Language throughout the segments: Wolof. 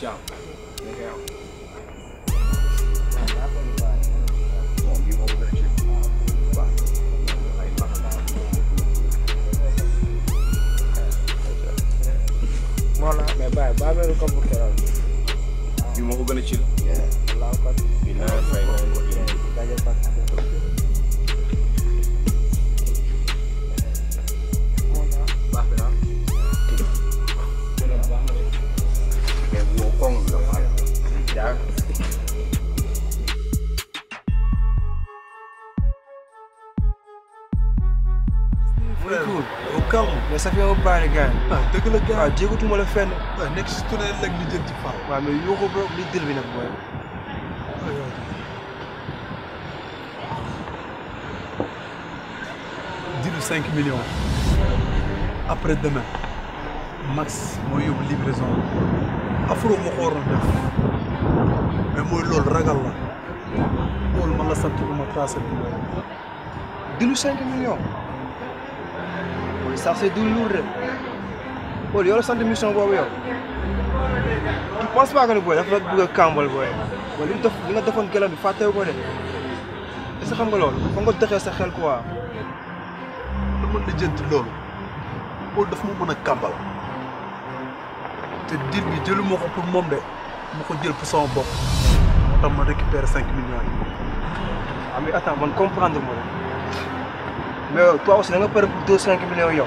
这样。la gën waaw jéegatuma la fenn. waaw nekk si tunnel rek li jëm ci faa. waaw mais yoo ko ba li dël nag mooy. dilu 5 millions après max mooy yóbbu livraison afro ma ko waroon mooy loolu ragal la loolu man la sant bu ma tracé bi dilu 5 millions mooy sax c'est du lourd rek Paul yow la sant mission boobu yoo tu penses pas que ni booy dafa la bëgg a kàmbal booy wala li mu def li nga defoon bi fàttewu ko de est-ce que xam nga loolu fa nga dexee sa xel quoi. dama lijjanti loolu Paul mën a kàmbal te diir jëlu ma ko pour moom de ma ko jël pour sama bopp moo ma récupérer cinq millions yi. ah mais attends man comprendre ma la mais toi aussi da nga pare pour deux cinq millions yow.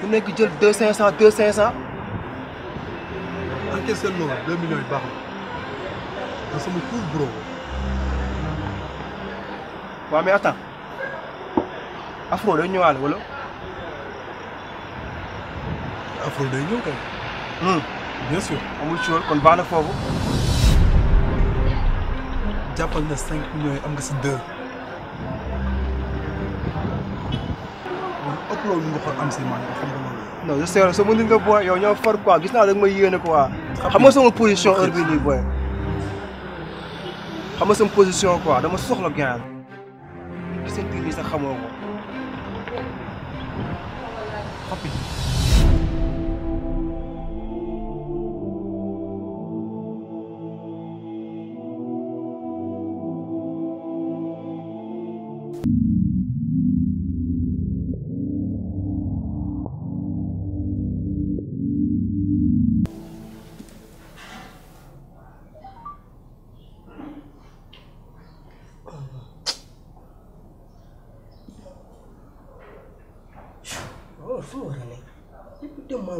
ku nekk jël deux cinq cent deux cinq cent. encaisse seen loolu deux millions yi baax na man sama cour bro. waaw mais attends afro day ñëwaale wala. afro day ñëw kay. Hmm. bien sûr amul ci kon baax na foofu. jàppal na cinq millions yi am nga si loolu nga ko am si man xam nga loolu. non je sais sama nit nga booy yow ñoo far quoi gis naa da nga may yéene quoi. xam nga sama position heure bii nii booy. xam nga sama position quoi dama soxla gàncax gi. gis nga kii nii sax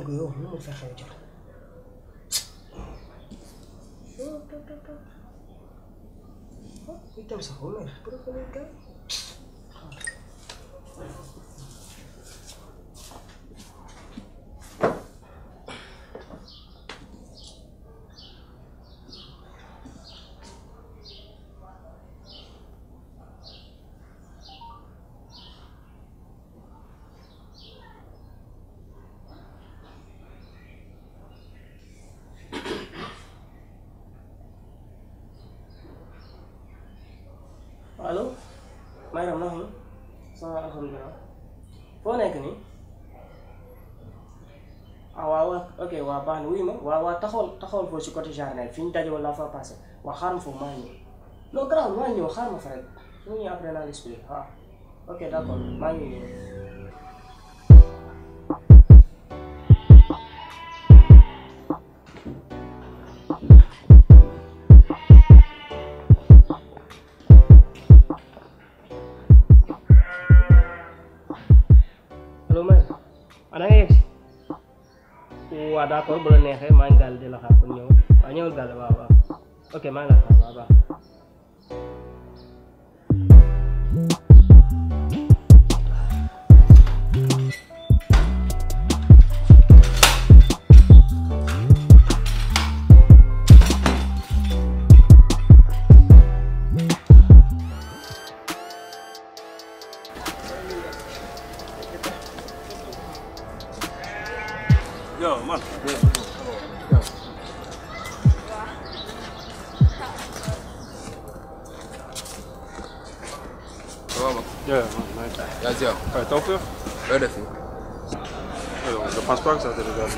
ko yow lu mu fexee jot itam sax wala mayram noo xëy so alhamdulilah foo nekk nii ah waaw ok waaw baax na wuyu ma waaw waaw taxawal taxawal foofu si côté jardin fi ñu daje wala fa passé waaw xaar ma foofu maa ñëw grand maa ñëw xaar ma fa rek mu ñëw après naa l'expliqué waaw ah, ok d'accord maa ngi ñëw d' a bu la neexee maa ngi gàll di la xaar pour ñëw waaw ñëwal ok maa ngi la xaar looy def fii. alors je pense pas que ça te regarde.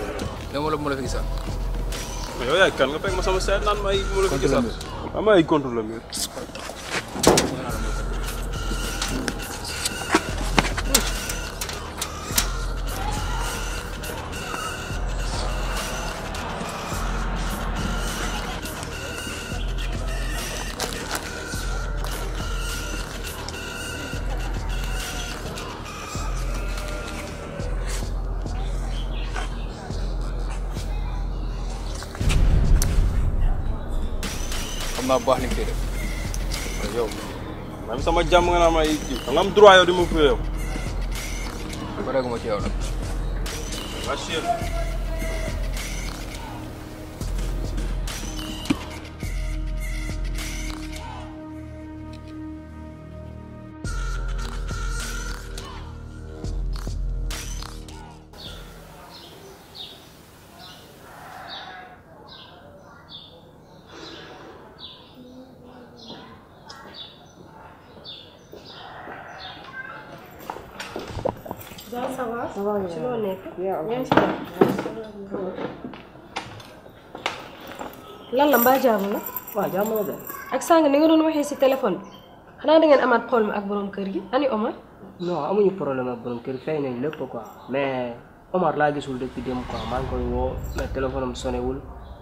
dama la ma la fi gisaat. mais yow yaay kan nga fekk ma sama seet naan ma ay ma la fi gisaat. am ay contre le mur. naa bu baax li nga koy yow même sama jàmm nga naa ma ay kii nga am droit yow di ma fure yow. ba dégg ma ci yow nag. waa waaw la mbaa jaamu la. waaw jaamu ak sàng ni nga doon waxee si téléphone bi xanaa da ngeen amaat problème ak borom kër gi ani Omar. non amuñu problème ak borom kër gi fay nañ lépp mais Omar laa gisul de démb quoi maa ngi koy woo mais téléphone am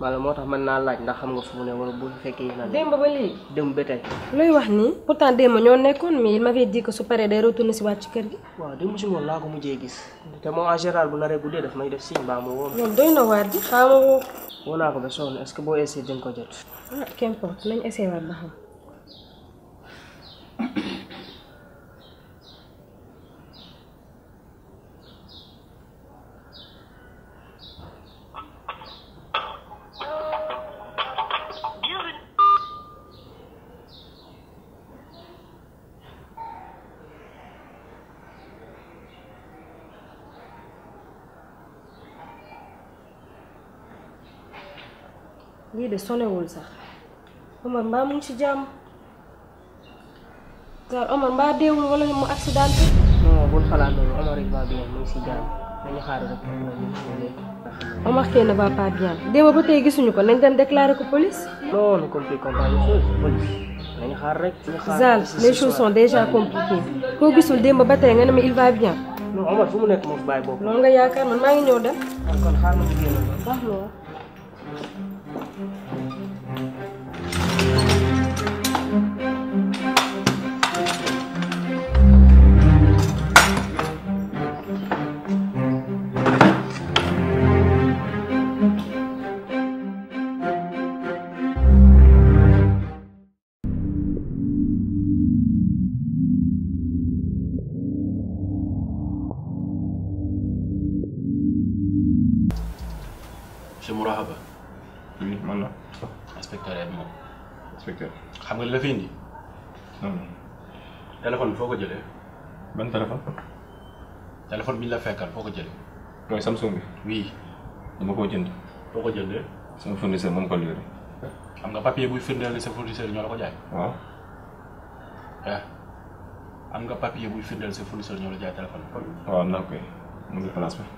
wala moo tax mën naa laaj ndax xam nga fu mu ne wala bu fekkee na démb ba léegi démb ba tey looy wax nii pourtant démb ñoo nekkoon mii il m'avait dit que su paree day retourné si waat ci kër gi waaw démb si ngoon laa ko mujjee gis te moom en bu na rek guddee daf may def signe baa ma woo moom doy na waar di xaama woo woo naa ko ba sonn est-ce que boo essayé di nga ko jot ah qu'importe nañ essayé waat ba xam lii de sonewul sax Omar mbaa mu ngi ci jàmm gar Omar mbaa deewul wala mu accident bi. non bul Omar il va bien mu ngi ci jàmm gisuñu ko nañ dem déclarer ko police. non nous xaar rek. nañu xaar Zal les choses sont déjà compliquées. démb ba tey nga ne yaakaar man maa ngi ñëw dem. Ah, kon xaar ma mu génn. مرحبا oui man la. inspecteur et moom. inspecteur. xam nga li la fi indi. non téléphone bi foo ko jëlee. ban téléphone. téléphone bi ñu la fekkal foo ko jëlee. mooy Samsung bi. oui. dama koo jënd. foo ko jëndee. sama fournisseur moom ko livré. am nga papier buy firndeel ni sa fournisseur ñoo la ko jaay. waaw. ah am nga papier buy firndeel sa fournisseur ñoo la jaay téléphone bi. waaw am naa koy mu ngi place bi.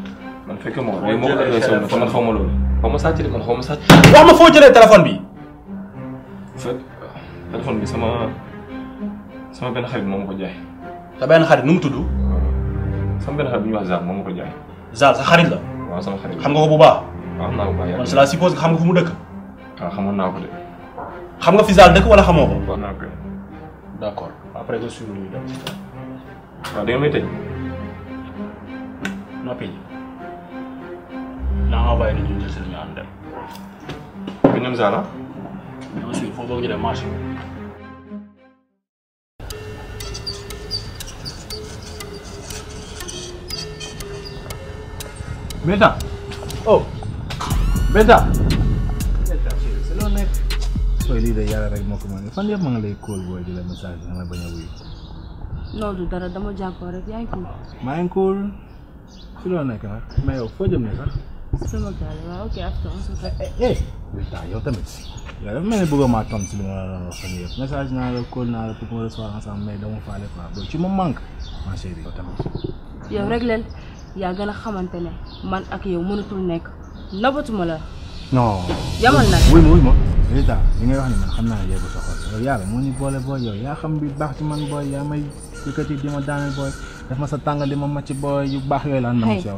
man fekk ma woon moo ko adressé woon te man xaw ma loolu. xaw ma sàcc de man xaw ma sàcc. wax ma foo jëlee téléphone bi. fekk téléphone bi sama sama benn xarit moo ma ko jaay. sa benn xarit nu mu tudd. sama benn xarit bu ñuy wax Zal moo ma ko jaay. Zal sa xarit la. waaw sama xarit xam nga ko bu baax. waaw xam naa ko bu baax kon cela suppose que xam nga fu mu dëkk. waaw ah, xamoon naa ko de. xam nga fi Zal dëkk wala xamoo ko. waaw naa ko d' accord après nga suivre ñu dem. waaw da nga may tëj noppi. envoyé le junju sur ñu andal binem zala mais aussi Beta. Oh. Beta. Beta ci lo nek. Koy li de yalla Fan yeb ma nga lay call boy di la message nga baña wuy. Lolu dara dama jappo rek yaay lo sama gaal waaw ok after on se retrouve. yow taa yow tamit yow dafa mel ni bëgg maa tontu si li ma la la ma manque ma chérie a man ak yow mënatul nekk nabatuma la. ma wuy li ngay wax ni xam naa ne yow sa xol yow yàlla moo ñu boole ci booy ma daaneel booy daf ma ma màcc booy yu baax yooyu la nam si yow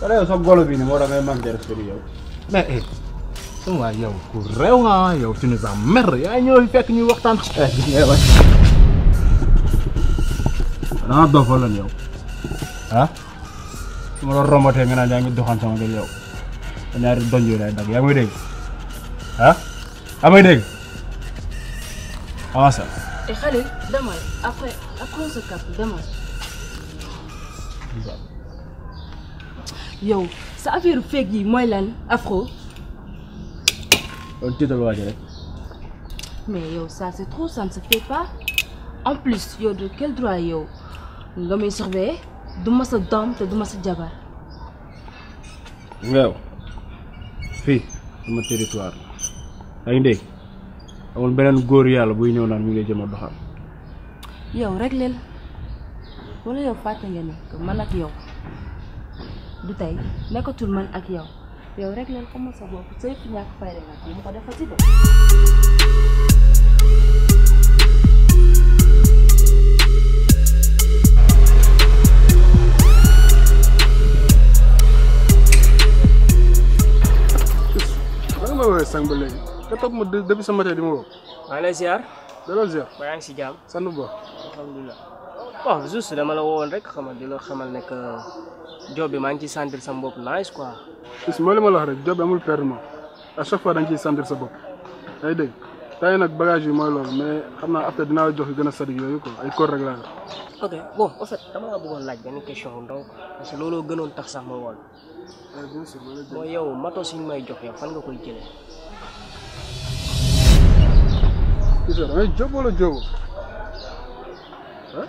pare yow sa golo bi nii moo tax ngay manqué respect yow. mais eh sama yow ku réew nga yow tu nous emmerdes yaa ñëw fi fekk ñuy waxtaan. eh gis nga waay. yow. ah. su ma la rombatee nga naan yaa ngi doxaan sama kër yow. te ñaari donj yooyu lay dagg yaa ngi may dégg. yaa may dégg. avancé. te xale Yo, sa affaire feeg lan afro. On euh, mais ça c'est trop ça ne se fait pas en plus de quel droit yo, tu me surveiller du ma sa dame, te du ma sa jabar. waaw mon territoire la. yaa ngi dégg a buy du tey nekkatul man ak yow yow rek leen xamal sa bopp sa yëpp ñàkk fayda ko sang ba léegi nga si bon juste dama la woowoon rek xamal di la xamal ne que job bi maa ngi ciy sentir sa bopp nice quoi. gis moo li ma la wax rek job bi amul perte moom à chaque fois da nga ciy sentir sa bopp yaa ngi dégg tey nag bagage yi mooy loolu mais xam naa après dinaa jox gën a sadik yooyu quoi ay corps rek laa ok bon en fait dama la bëggoon laaj benn question bu ndaw parce que looloo gënoon tax sax ma woon. mooy yow matos yi may jox yow fan nga koy jëlee. gis nga da ngay jóg wala jóg ah.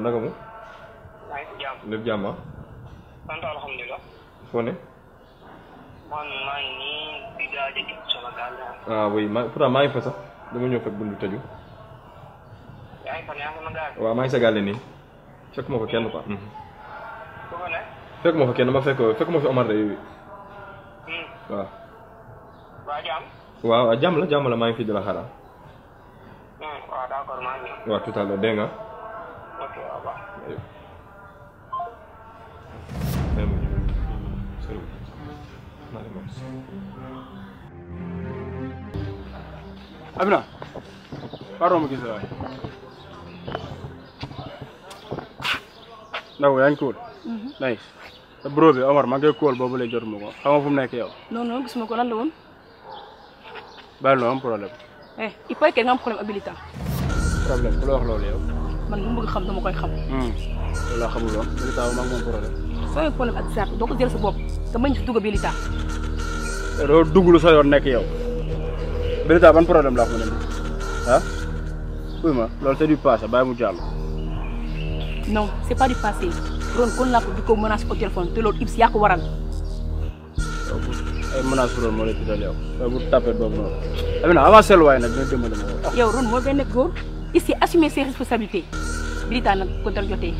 naka mu lépp jàmm sant ah? alhamdulilah foo ne man maa ngi nii di daaje ci sama ah oui ma pourtant maa ngi fa sax dama ñëw fekk bundu tëju yaa ngi fa yaa ngi ma waaw maa ngi sa gaal nii fekk ma kenn quoi fekk ma fa kenn ma fekk fekk fi Omar day waaw waa jàmm waaw jàmm la jàmm la maa ngi fi di la waaw maa ngi waaw tout à dégg nga Amina pardon ma gis la waaye yaa ngi kóol mhm. nice sa Omar maa ngi koy boobu lay jot ma ko xam nga fu mu nekk yow non non gis ma ko lan la woon bàyyi noonu am problème eh il paraît que nga am problème habilitant problème ku la wax loolu yow man mu bëgg xam dama koy xam hmm. loolu laa xamul woon ah. habilitant maa ngi moom problème sama doo ko jël sa bopp te mañ si dugg habilitant doo dugg lu sa yoon nekk yow Birita ban problème la wax mu ne ah oui ma loolu c'est du passé bàyyi mu jàll. non c'est pas du passé Ron kon laa ko di ko menace au téléphone te loolu Ibs yaa ko waral. ay menaces Ron moo lay tuddal yow loolu bu tapé boobu noonu. Amina avant seetlu waay nag dina dimbali ma. yow nag ko dal jotee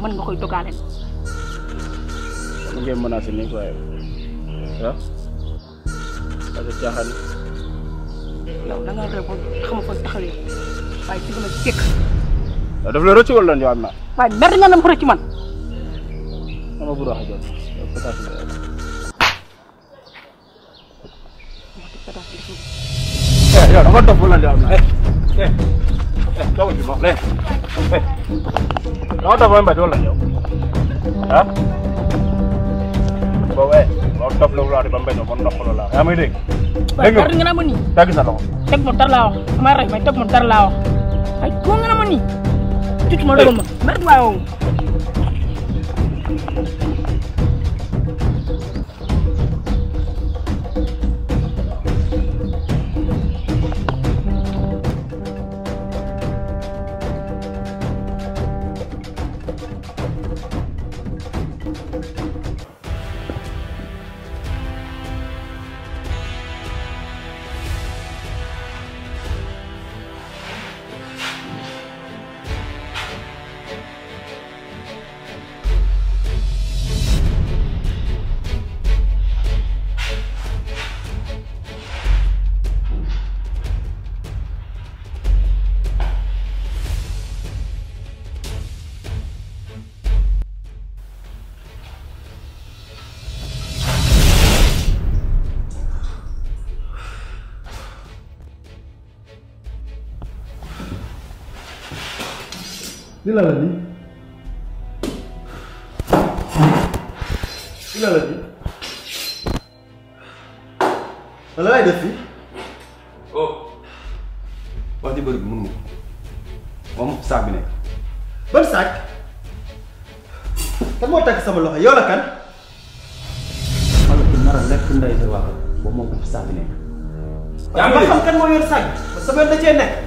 mën nga koy dogaaleel. mu ngi menacer ni waaye ah. parce que caaxaan. yow da ngaa doon xamu ko taxawee waaye ci dama tekk. waaw daf la rëcc wala lan yow am na. waaye mer nga nam ko rëcc man. sama bu dox a jot yow pataas nga yow. eh yow da nga dof wala yow am na eh eh eh dawul bi moom eh eh da nga dof wala mbaj wala yow ah boobu eh. Tak top lo wala ba mbeno on top lo la ya may deg deg nga nga namu ni tag sa loxo tag mo tar la wax ma rek Lila lagi. Lila lagi. Lala ada sih. Oh. Wax ji bëri bi mënu ma moom saag Kamu tak ban saag. kan sama loxo yow kan. xale bu nar a lekk ndey sa wax ba moom Bahkan kan mau yang saag ba sa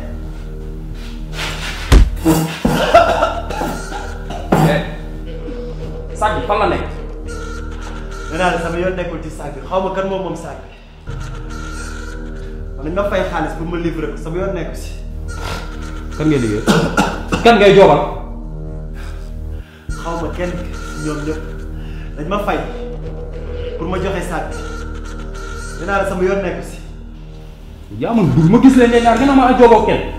sama yoon nekkul ci saag xaw ma kan moom moom saag bi wala nga fay xaalis bu ma livré ko sama yoon nekku ci kan ngay liggéey kan ngay xaw ma kenn ñoom dañ ma fay ma joxe saag bi dinaa la sama yoon nekku si. yaa man dugg ma gis leen ne ñaar nga ne ma a jooboo kenn.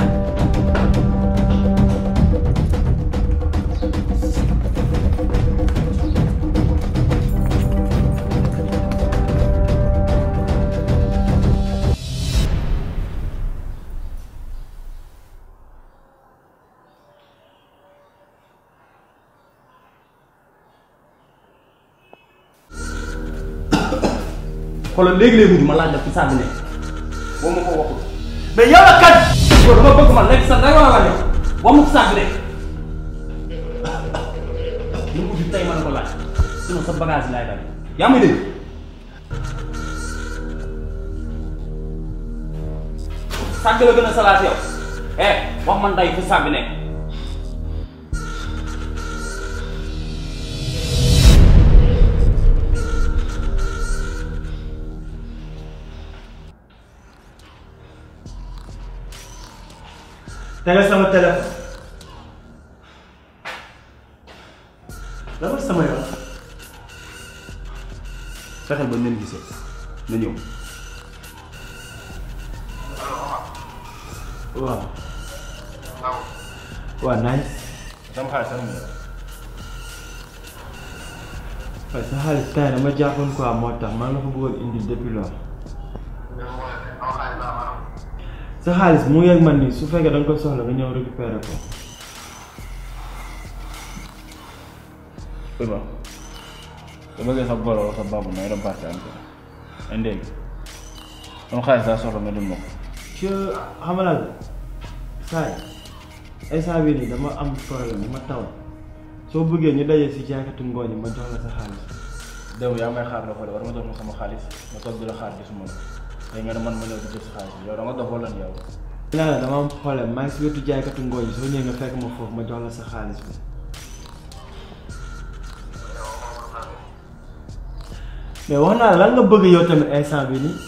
xoolal léegi lay mujj ma laaj la fi saa nekk boo ko waxul mais yow la kat yow dama bëgg ma lekk sa dara wala ne wax ma ko nekk lu mujj tey ma la ko laaj sinon sa bagage laay la gën a salaat yow eh wax man nekk tegal sama téléphone dafal sama yoon fexeel ba nen gisee na ñëw waaw waaw naaj sama xaalis sax mu waaye sa xaalis temps dama jàppoon quoi moo tax man la ko bëggoon indi depuis loolu sa xaalis mu yegg man nii su fekkee da nga koy soxla nga ñëw récupérer ko. Iba su bëggee sa goro sa baabu nooy dem paase am ko indee gi sama xaalis soxla ci dama am problème ma taw so bëggee ñu daje si jaaykatu ngooñ ma jox la sa xaalis. Déw yaa may xaar la ko war ma jox sama xaalis ma xaar léegi nga man ma ñëw di dama dox wala yow. nee dama am problème si wetu jaaykatu ngooñ soo ñëwee nga fekk ma foofu ma jox la sa xaalis bi. mais wax naa lan nga bëgg yow tamit instant bi nii.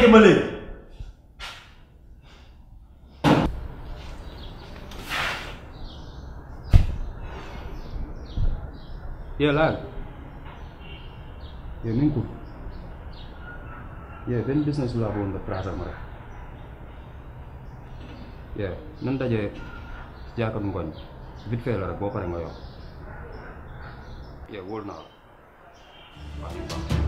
arrêté ma léegi. yow laal yow nañ ko yow benn business laa bëggoon nga tracé ma rek yow nan dajee si jàkkaarloo ngooñ vite fait la rek boo paree nga yow yow wóor naa la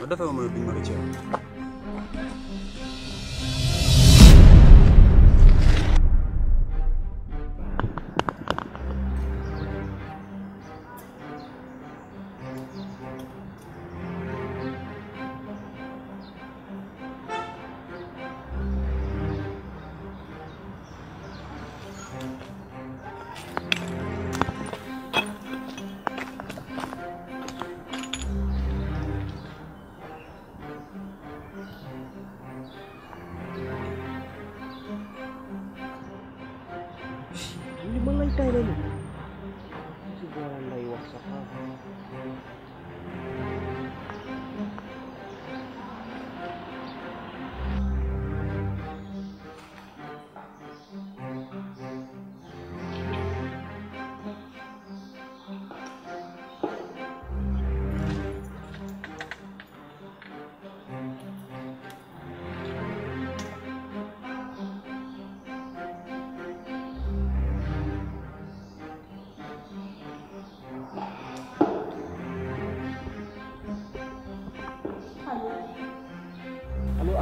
ba defee ma duñ ma rëcc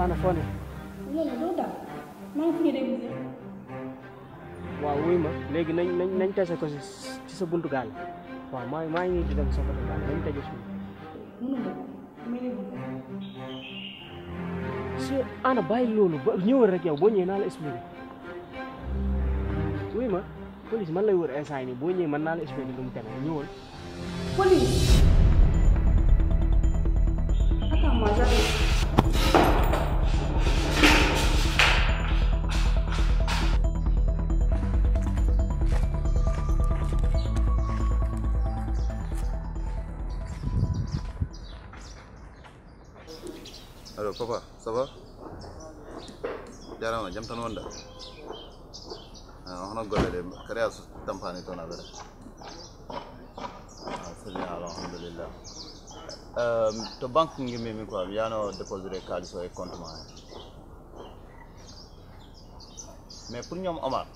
ana foo waaw wuy ma léegi nañ nañ nañ tase ko ci sa buntu gaal waaw maa maa ngi di dem sa buntu gaal nañ tase suñu. si ana ba ñëwal rek yow boo ñëwee naa la expliqué wuy ma police man lay wër instant boo ñëwee man naa la expliqué lu mu demee ñëwal police. Moustapha jarama jam tan wonɗa hono ah, golle ɗe créas tampani toon aɓere sirni ala alhamdulillah euh, to banque gimmimi quoi mi yano déposé kalis o e compte ma hen pour ñoom Omar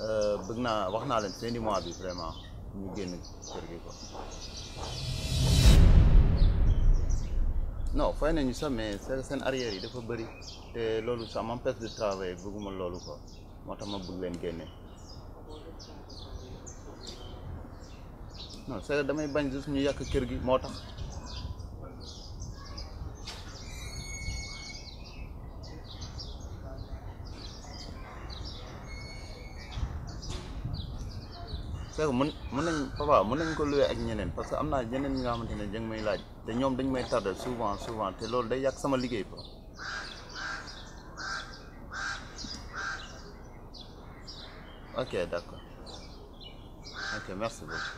euh, bëgg naa wax naa leen fin du mois bi vraiment ñu génn kër gi non fay nañu sax mais seen arrière yi dafa bëri te loolu sax m'empêche de travailler bëgguma loolu ko moo tax ma bëgg leen génne no c'est damay bañ juste ñu yàq kër gi moo tax c'est que mën mën nañ papa mën nañ ko loué ak ñeneen parce que am naa ñeneen ñi nga xamante ne dañ may laaj te ñoom dañ may tardé souvent souvent te loolu day yàq sama liggéey ba. ok d'accord ok merci beaucoup.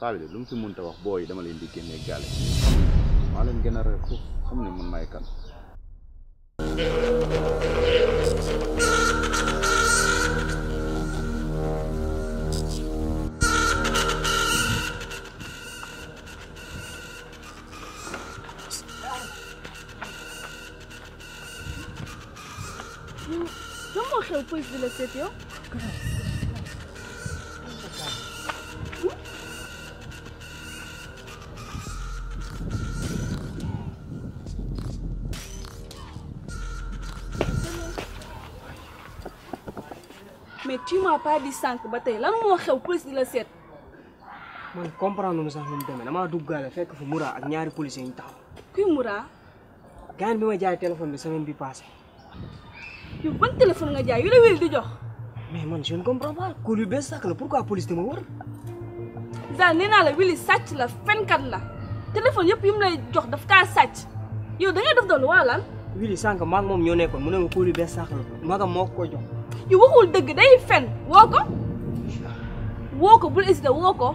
Paa de lu mu fi mënta wax booy dama leen di génne gaale maa leen gën a rëy foofu xam ne man maay kan. lezzetli yok. Mais tu m'as pas dit ça, Batay. Là, moi, je suis plus de l'assiette. Je comprends pas ça. Je suis là, je suis là, je suis là, je suis là, je suis là. Qui est là? Quand je suis là, je yow ban téléphone nga jaay yu la wéy di jox. mais man je ne comprends pas ku lu bees sàkk la pourquoi police dama wër. daal nee naa la Willy sàcc la fenkat la téléphone yëpp yu mu lay jox daf kaa sàcc yow da ngay def doon waa lan. Willy sànq maa moom ñoo nekkoon mu ne ma ku lu sàkk la maagam moo ko jox. yu waxul dëgg day fen woo ko ah. woo ko bul hésité woo ko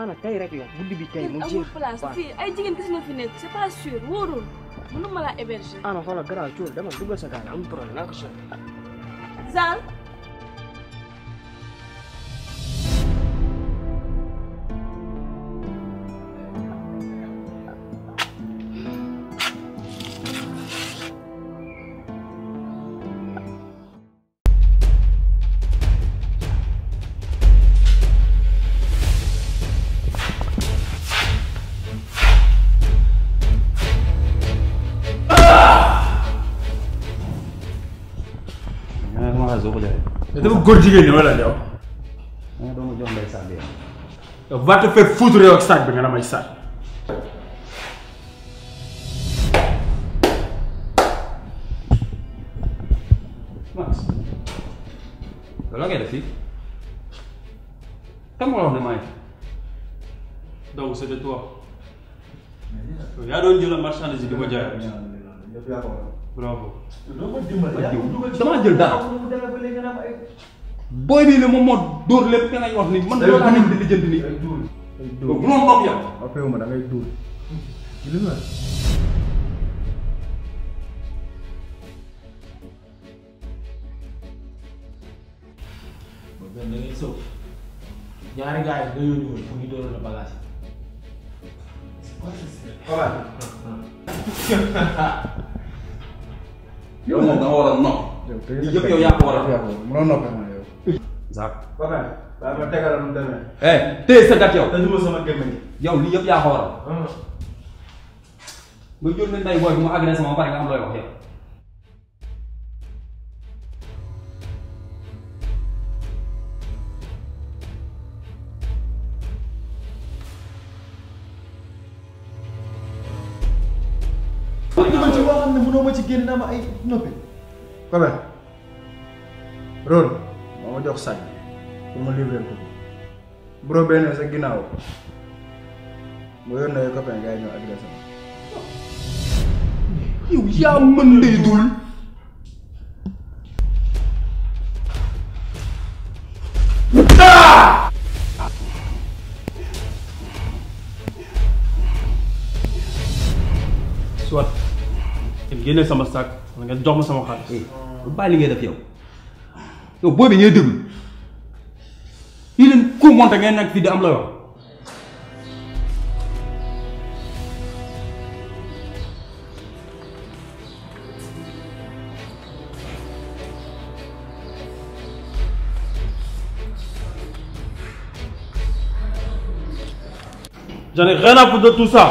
ana tey rek la guddi bi tey mu jeex place fii ay jigéen gis na fi nekk c'est pas sûr wóorul mënu ma laa héberger ana xoolal garaaw cool dama duggal sa gaal amul problème naa ko sol zaal dama góor jigéen ñi wala yow. da nga doon jox ndey sax bi yow. va te faire foutre yow ak sac bi nga damay sac. Max loolu ngay def fii kan moo wax ne may donc c'est de toi yaa doon jël marchandise di ko jaay bravo. damaa jël dara. booy bii la moom moo dóor lépp nga wax ni man. doo laa nekk di lijjanti nii. bu noonu bokk yow. ma da ngay dóor. da ngay sëw nga yow moom nga war a nopp. yëpp yow yaa ko war a. mënoo nopp yow. Zak. Fapal daa eh, sa gat yow. dañu sama gémmiñ. yow lii yëpp yaa ko war a. Hmm. nga jël ne ndey booy bi ma ci génn naa ma ay noppi. Kobel Rol moo jox sañ pour ma livré ko bu doon benn sa ginnaaw mu yor na copain gars yi ñëw agressé yow yaa mën ndey dul. génneel sama sac nga jox ma sama eh, ngay def yow monté ngay di am la J'en ai rien à foutre de tout ça.